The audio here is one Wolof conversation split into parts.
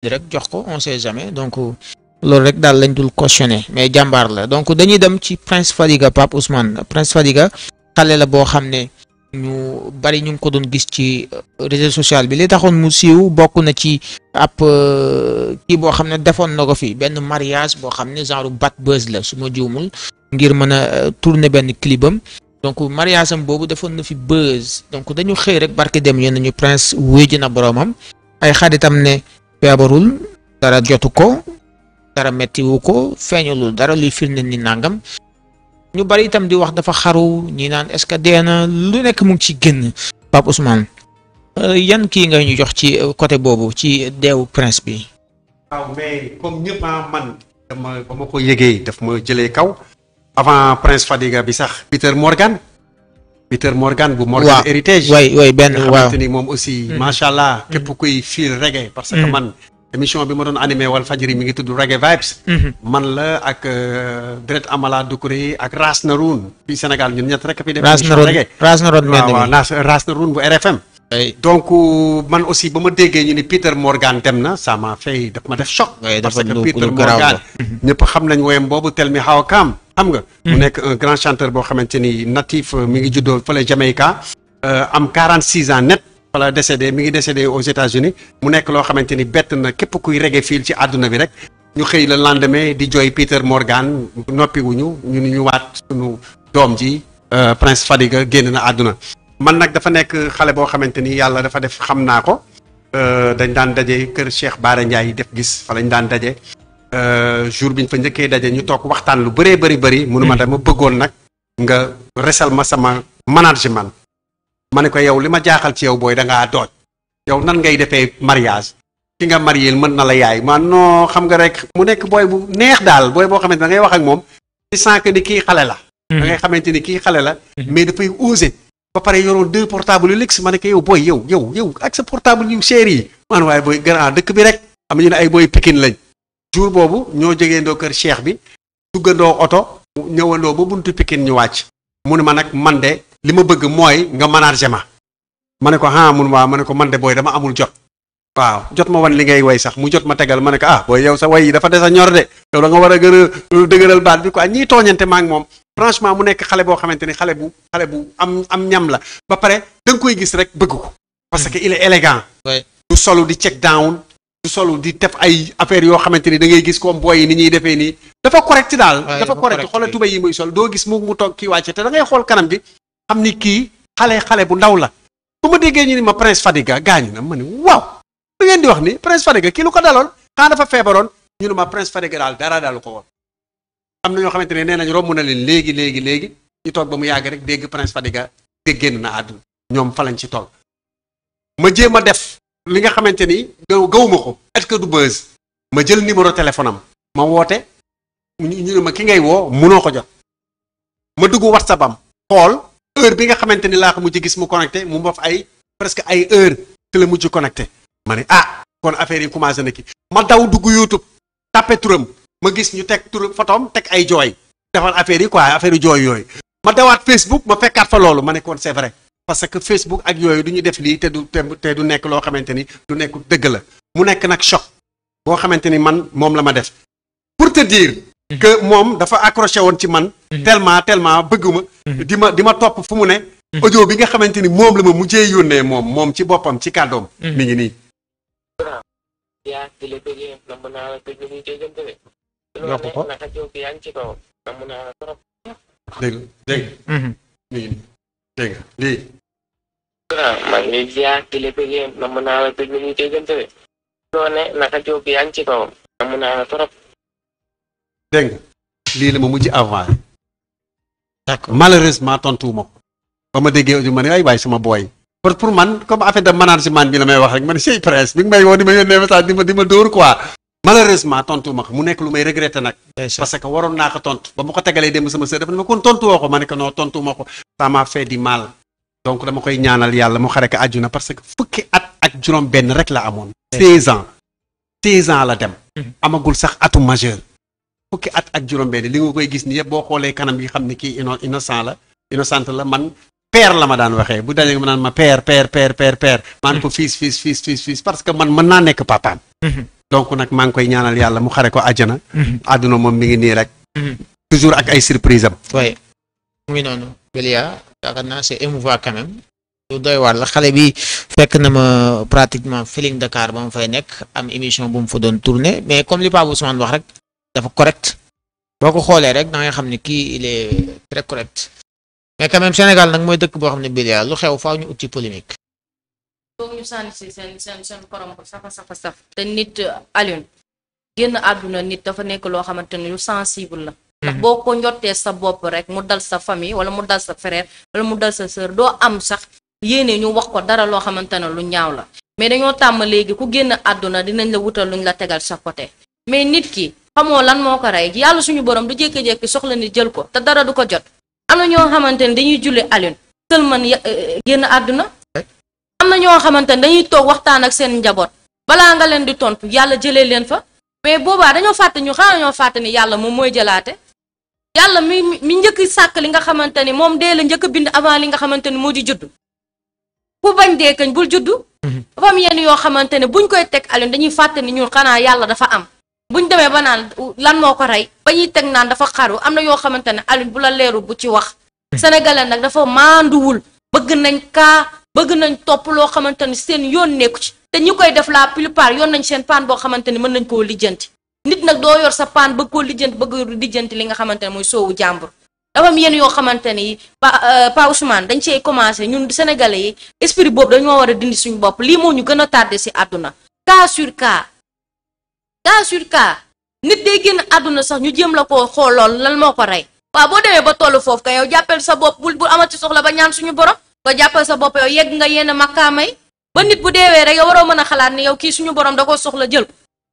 rek jox ko on sait jamais donc loolu rek daal lañ dul cautionné mais jàmbaar la donc dañuy dem ci Prince Fadiga Pape Ousmane Prince Fadiga xale la boo xam ne ñu bari ñu ngi ko doon gis ci euh, réseau social bi li taxoon mu siiw bokk na ci ab euh, kii boo xam ne defoon na ko fi benn mariage boo xam ne genre bat buzz la su ma juumul ngir mën a euh, tourner benn clipam donc mariage am boobu defoon na fi buzz donc dañu xëy rek barke dem yéen nañu Prince wéeji na boroomam ay xaritam ne feebarul dara jotu ko dara mettiwu ko feeñalul dara luy firnde ni nàngam ñu bari itam di wax dafa xaru ñi naan est-ce que dee na lu nekk mu ngi ci génn Pape Ousmane euh, yan kii nga ñu jox ci euh, côté boobu ci deewu prince bi waaw mais comme ñëpp ah, man ba ma ko yégee daf ma jële kaw avant prince Fadiga bi sax Peter Morgan Peter Morgan bu Morgan Heritage waay waay benn ni moom aussi hmm. macha allah hmm. képp kuy fil reggae parce que hmm. man émission bi ma doon animé wal fajiri mi ngi tudd Reggae Vibes man la ak euh, Dret Amala Doucouré ak Ras Naroun fii Sénégal ñun ñett rek fi def reggae Ras Naroun waaw Ras Naroun euh, aussi ba ma déggee ñu ni Peter Morgan dem na ça m'a ma def choc parce que Peter Morgan ñëpp xam nañ woyam boobu tel mi how come xam nga. mu nekk un grand chanteur boo xamante ni natif mi ngi juddoo fële Jamaïca. Euh, am 46 ans net. fala décédé mi ngi décédé aux États-Unis mu nekk loo xamante ni bett na képp kuy reggae fii ci àdduna bi rek. ñu xëy la lendemain di jooy Peter Morgan noppi wuñu ñu ñu waat suñu doom ji euh, Prince Fadiga génn na àdduna. man nag dafa nekk xale boo xamante ni yàlla dafa def xam naa ko. Euh, dañ daan daje kër Cheikh Baara yi def gis fa lañ daan dajee Euh, jour bi ñu fa njëkkee daje ñu toog waxtaan lu bëree bëri bëri. mu ne ma hmm. dama bëggoon nag nga resal ma sama management. ma ne ko yow li ma jaaxal ci yow booy da ngaa dooj. yow nan ngay defee mariage. ki nga marié mën na la yaay ma noo xam nga rek mu nekk booy bu neex daal booy boo xamante da ngay wax ak moom. ci sànq ni kii xale la. Hmm. da ngay xamante ni kii xale la. Hmm. mais dafay osé. ba pare yoroon deux portables yu luxe ma ne ko yow booy yow yow yow ak sa portable bi rek. am ñu ne ay booy jour boobu ñoo jegeendoo kër cheikh bi duggandoo oto ñëwandoo ba buntu Pikine ñu wàcc mu ne ma nag man de li ma bëgg mooy nga manager ma ma ne ko ah mun waa ma ne ko man de booy dama amul jot waaw jot ma wan li ngay woy sax mu jot ma tegal ma ne ko ah booy yow sa way yi dafa des a ñor de yow da nga war a gën a euh, dëgëral baat bi quoi ñii tooñante maa moom franchement mu nekk xale boo xamante ni xale bu xale bu am am ñam la ba pare da koy gis rek bëgg ko parce que mm-hmm. il est élégant solo di check down solo di tef ay affaire yoo xamante ni da ngay gis comme booy yi ni ñuy defee nii dafa correct daal dafa correct xoolal tuba yi muy sol doo gis mu mu toog kii wàcce te da ngay xool kanam bi xam ni kii xale xale bu ndaw la bu ma déggee ñu ni ma prince Fadiga gaañ na ma ne waaw lu ngeen di wax ni prince Fadiga kii lu ko daloon xaa dafa feebaroon ñu ma prince Fadiga daal dara daal ko woon am na ñoo xamante ne nee nañ romb na leen léegi léegi léegi ñu toog ba mu yàgg rek dégg prince Fadiga génn na àdduna ñoom fa lañ ci toll ma jéem a def li nga xamante ni gawuma ko est-ce que du buzz ma jël numéro téléphone ma woote ñu ne ma ki ngay woo mënoo ko jot ma dugg whatsapp am xool heure bi nga xamante ni laa ko ci gis mu connecté mu mboof ay presque ay heure te la mujj connecté ma ne ah kon affaire yi commencé na ki ma daw dugg youtube tàppe turam ma gis ñu teg turam photom teg ay jooy defal affaire yi quoi affaire yu jooy yooyu ma dawaat facebook ma fekkaat fa loolu ma ne kon c'est parce que Facebook ak yooyu du ñu def lii te du te du nekk loo xamante ni du nekk dëgg la mu nekk nag choc boo xamante ni man moom la ma def pour te dire mm-hmm. que moom dafa accroché woon ci man mm-hmm. tellement tellement bëgguma mm-hmm. di ma di ma topp fu mu ne audio bi nga xamante ni moom la ma mujjee yónnee moom moom ci boppam ci kàddoom mi ngi nii yokk ko dégg dégg mi ngi nii dégg lii Ah, man ngi lii la ma mujj avant. d'accord malheureusement tontuwuma ko. ba ma déggee audio ma ne ay waay sama booy. pour pour man comme affaire de management bi la may wax rek ma ne si presse bi nga may woo di ma yónnee message di ma di ma dóor quoi. malheureusement tontuwuma ko mu nekk lu may regretté nag. parce que waroon naa ko tontu ba ma ko tegalee dem sama sœur dafa ne ma kon tontu woo ko ma ne ko tontuwuma ko. ça m'a mal. donc dama koy ñaanal yàlla mu xare ko àjjuna parce que fukki at ak juróom benn rek la amoon seize ans seize ans la dem mhm. amagul sax atu majeur fukki at ak juróom benn li nga koy gis ni yëpp boo xoolee kanam yi xam ne ki ino innocent la innocent la man père la ma daan waxee bu dajee mu naan ma père père père père père maan ko mhm. fils fils fils parce que man man naa nekk papaam mhm. donc nag maa ngi koy ñaanal yàlla mu xare ko àjjana àdduna moom mi ngi nii rek toujours ak ay surprise am yaakaar naa c'est émouvant quand même lu doy waar la xale bi fekk na ma pratiquement feeling Dakar ba mu fay nekk am émission bu mu fa doon tourner mais comme li Pape Ousmane wax rek dafa correct boo ko xoolee rek da ngay xam ne kii il est très correct mais quand même Sénégal nag mooy dëkk boo xam ne bii lu xew faaw ñu uti polémique. foog ñu sànni si seen seen seen korom ko safa safa saf te nit Alioune génn àdduna nit dafa nekk loo xamante lu sensible la. ndax mhm. boo ko njottee sa bopp rek mu dal sa famille wala mu dal sa frère wala mu dal sa sœur doo am sax yéene ñu wax ko dara loo xamante ne lu ñaaw la mais dañoo tàmm léegi ku génn àdduna dinañ la wutal luñ la tegal sa côté mais nit ki xamoo lan moo ko rey yàlla suñu borom du jékki-jékki soxla ni jël ko te dara du ko jot am na ñoo xamante ne dañuy julli alune sëlman euh, génn àdduna am na ñoo xamante ne dañuy toog waxtaan ak seen njaboot balaa nga leen di tontu yàlla jëlee leen fa mais boobaa dañoo fàtte ñu xanaa ñoo fàtte ni yàlla moom mooy jëlaate yàlla mi mi njëkk sàkk li nga xamante ni moom dee la njëkk bind avant li nga xamante ni moo di judd ku bañ dee kañ bul judd mhm. dafa am yenn yoo xamante ne buñ koy teg Alioune dañuy fàtte ni ñun xanaa yàlla dafa am buñ demee ba naan lan moo ko rey ba ñuy teg naan dafa xaru am na yoo xamante ne Alioune bu la leeru bu ci wax mhm. sénégalais nag dafa maanduwul bëgg nañ kaa bëgg nañ topp loo xamante ni seen yoon nekku ci te ñi koy def la plupart yoon nañ seen paan boo xamante ni mën nañ koo lijjanti nit nag doo yor sa paan bëgg koo lijjanti bëgg lijjanti li nga xamante ne mooy soowu jàmbur dafa am yenn yoo xamante ni pa euh, pa Ousmane dañ cee commencé ñun sénégalais yi esprit boobu dañoo war a dindi suñu bopp lii moo ñu gën a tardé si àdduna cas sur cas cas sur cas nit day génn àdduna sax ñu jëm la ko xooloon lan moo ko rey waaw boo demee ba tollu foofu ka yow jàppal sa bopp bu bul amati soxla ba ñaan suñu borom nga jàppal sa bopp yow yegg nga yenn makkaamay nit bu deewee rek yow waroo mën a xalaat ni yow kii suñu borom da koo soxla jël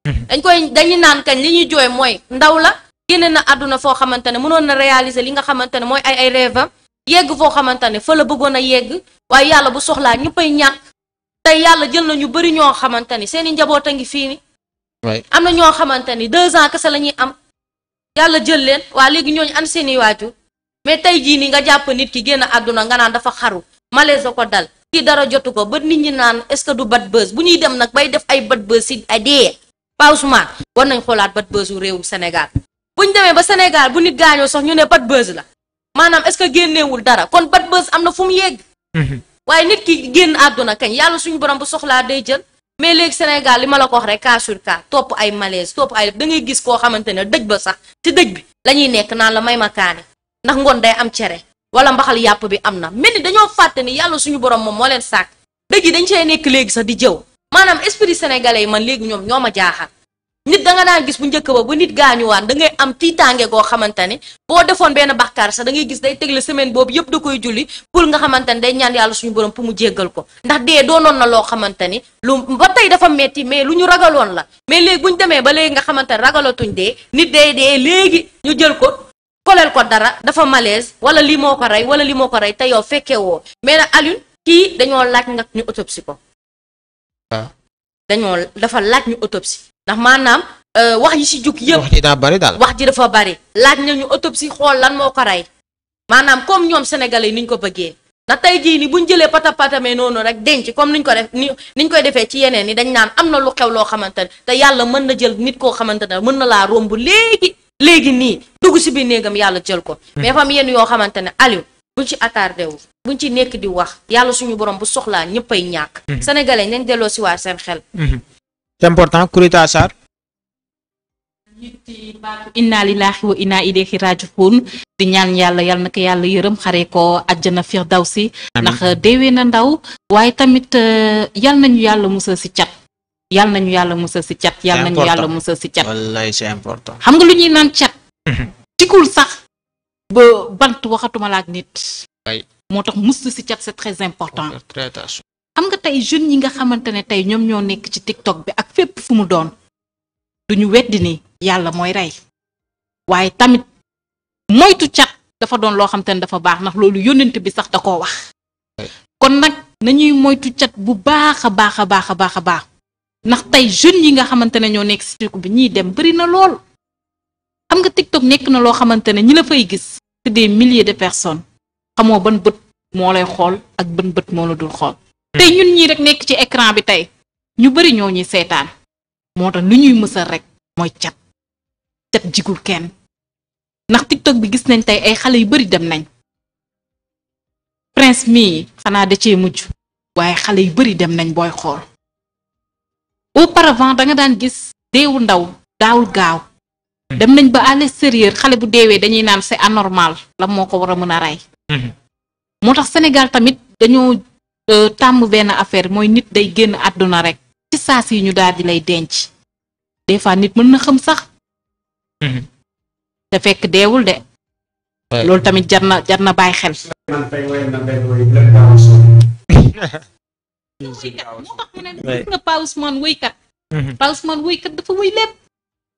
Mhm. dañ koy dañuy naan kañ li ñuy jooy mooy ndaw la génne na àdduna foo xamante ne mënoon na réaliser li nga xamante ne mooy ay ay rêve am yegg foo xamante ne fa la bëggoon a yegg waaye yàlla bu soxlaa ñëppay ñàkk tey yàlla jël na ñu bëri ñoo xamante ni seen i njaboot a ngi fii ni am na ñoo xamante ni deux ans kese la ñuy am yàlla jël leen waa léegi ñooñu an seen i waajur mais tey jii nii nga jàpp nit ki génn àdduna nga naan dafa xaru malaise ko dal kii dara jotu ko ba nit ñi naan est-ce que du bad buzz bu ñuy dem nag bay def ay bad buzz si ay dee Pa Ousmane war nañ xoolaat bad buzz wu réewum Sénégal bu ñu demee ba Sénégal bu nit gaañoo sax ñu ne bad buzz la maanaam est-ce que génneewul dara kon am na fu mu yegg. Mhm. waaye nit ki génn àdduna kañ yàlla suñu borom bu soxlaa day jël. mais léegi Sénégal li ma la ko wax rek cas sur cas topp ay malaise topp ay da ngay gis koo xamante ne dëj ba sax ci dëj bi la nekk naan la may ma kaane ndax ngoon day am cere wala mbaxal yàpp bi am na mel ni dañoo fàtte ni yàlla suñu borom moom moo leen sàkk dëj yi dañ see nekk léegi sax di jëw maanaam esprit sénégale yi man léegi ñoom ñoo ma jaaxal nit da nga daan gis bu njëkk ba bu nit gaañuwaan da ngay am tiitaange goo xamante ne boo defoon benn bàkkaar sax da ngay gis day tegle semaine boobu yëpp da koy julli pour nga xamante ne day ñaan yàlla suñu borom pour mu jéggal ko ndax dee doonoon na loo xamante ni lu ba tey dafa metti mais lu ñu ragaloon la mais léegi bu ñu demee ba léegi nga xamante ne ragalatuñ dee nit day dee léegi ñu jël ko koleel ko dara dafa malaise wala lii moo ko rey wala lii moo ko rey te yow fekkee woo mais nag Alioune kii dañoo laaj nag ñu autopsie ko Ah. dañoo dafa laaj ñu autopsie ndax maanaam euh, wax yi si jug yëpp. wax ji daa bari daal wax ji dafa bari. laaj nañu autopsie xool lan moo ko rey maanaam comme ñoom sénégalais ni ñu ko bëggee na tey jii nii bu ñu jëlee pata patamee noonu rek denc comme niñ ko def ni niñ koy defee ci yeneen ni dañ naan am na lu xew loo xamante ne te yàlla mën na jël nit koo xamante ne mën na laa romb léegi léegi nii dugg si biir néegam yàlla jël ko. Hmm. mais fam yoo xamante ne buñ ci attardé wu buñ ci nekk di wax yàlla suñu borom bu soxlaa ñëppay ñàkk. Mhm. sénégalais nañ delloo si waat seen xel. Mhm. c'est important Kurita Sarr. ci baatu inna lillahi wa di ñaan yàlla yal na ko yàlla yërëm xare ko àjjana firdawsi ndax déewee na ndaw waaye tamit euh, yal nañu yàlla musal si cat yàlla musal si cat yal nañu yàlla musal si cat wallaay c'est important xam nga lu ñuy naan cat tikul mhm. sax ba bant waxatuma la ak nit. moo tax mustu si cat sa très important. xam nga tey jeunes yi nga xamante ne tey ñoom ñoo nekk ci TikTok bi ak fépp fu mu doon duñu weddi ni yàlla mooy rey waaye tamit moytu cat dafa doon loo xamante ne dafa baax ndax loolu yónnent bi sax da koo wax. kon nag nañuy moytu cat bu baax a baax a baax a baax a baax ndax tey jeunes yi nga xamante ne ñoo nekk si TikTok bi ñiy dem bëri na lool. xam nga TikTok nekk na loo xamante ne ñi la fay gis c'est des milliers de personnes xamoo ban bët moo lay xool ak ban bët moo la dul xool. tey ñun ñii rek nekk ci écran bi tey ñu bari ñoo ñuy seetaan moo tax lu ñuy mësal rek mooy cat cat jigul kenn ndax TikTok bi gis nañ tey ay xale yu bari dem nañ prince mii xanaa da cee mujj waaye xale yu bari dem nañ booy xool auparavant da nga daan gis deewu ndaw daawul gaaw. Mm-hmm. dem nañ ba à l'extérieur xale bu deewee dañuy naan c'est anormal la moo ko war a mën a rey. Mm-hmm. moo tax Sénégal tamit dañoo euh, tàmm benn affaire mooy nit day génn àdduna rek ci saa si ñu daal di lay denc des fois nit mën na xam sax. Mm-hmm. te fekk deewul de. loolu tamit jar na jar bàyyi xel. moo tax mu ne. waaye Paa Ousmane wëykat. Paa wëykat dafa wëy lépp.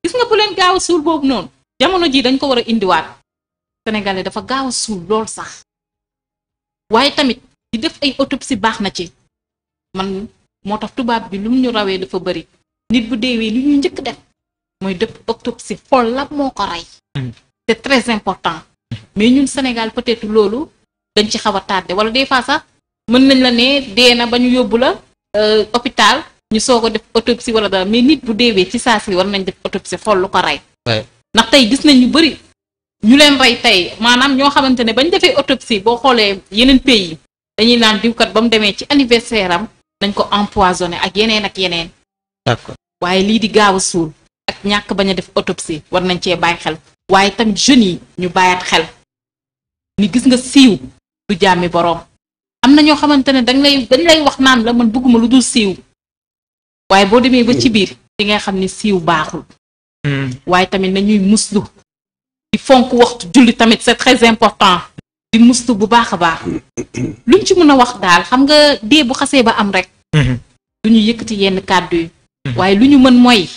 gis nga bu leen gaaw a suul boobu noonu jamono jii dañ ko war a indiwaat sénégalais dafa gaaw a suul lool sax waaye tamit di def ay autopsie baax na ci man moo tax tubaab bi lu mu ñu rawee dafa bëri nit bu deewee lu ñuy njëkk def mooy dëpp autopsie fol la moo ko rey hmm. c'est très important mais ñun Sénégal peut-être loolu dañ ci xaw a tardé wala des fois sax mën nañ la ne dee na ba ñu yóbbu la hopital euh, ñu soog a def autopsie wala dara mais nit bu deewee ci saa si war nañ def autopsie xool lu ko rey. ndax tey gis nañ ñu bëri ñu leen rey tey maanaam ñoo xamante ne bañ defee autopsie boo xoolee yeneen pays dañuy naan diwkat ba mu demee ci anniversaire am dañ ko empoisonné ak yeneen ak yeneen. d'accord waaye lii di gaaw a suul ak ñàkk bañ a def autopsie war nañ cee bàyyi xel waaye tam jeunes yi ñu bàyyaat xel ni gis nga siiw du jàmmi boroom am na ñoo xamante ne dañ lay dañ lay wax naan la man bëgguma lu dul siiw. waaye boo demee ba ci hmm. biir di ngay xam ne siiw baaxul hmm. waaye tamit nañuy muslu di fonk waxtu julli tamit c'est très important di muslu bu baax a baax hmm. luñ ci mën a wax daal xam nga dee bu xasee ba am rek du ñu yëkkati yenn kàddu yi waaye lu ñu mën mooy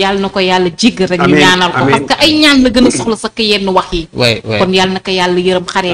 yàlla na ko yàlla jéggal rek ñu ñaanal ko parce que ay ñaan la gën a soxla sa yenn wax yi kon yàlla na ko yàlla yërëm xare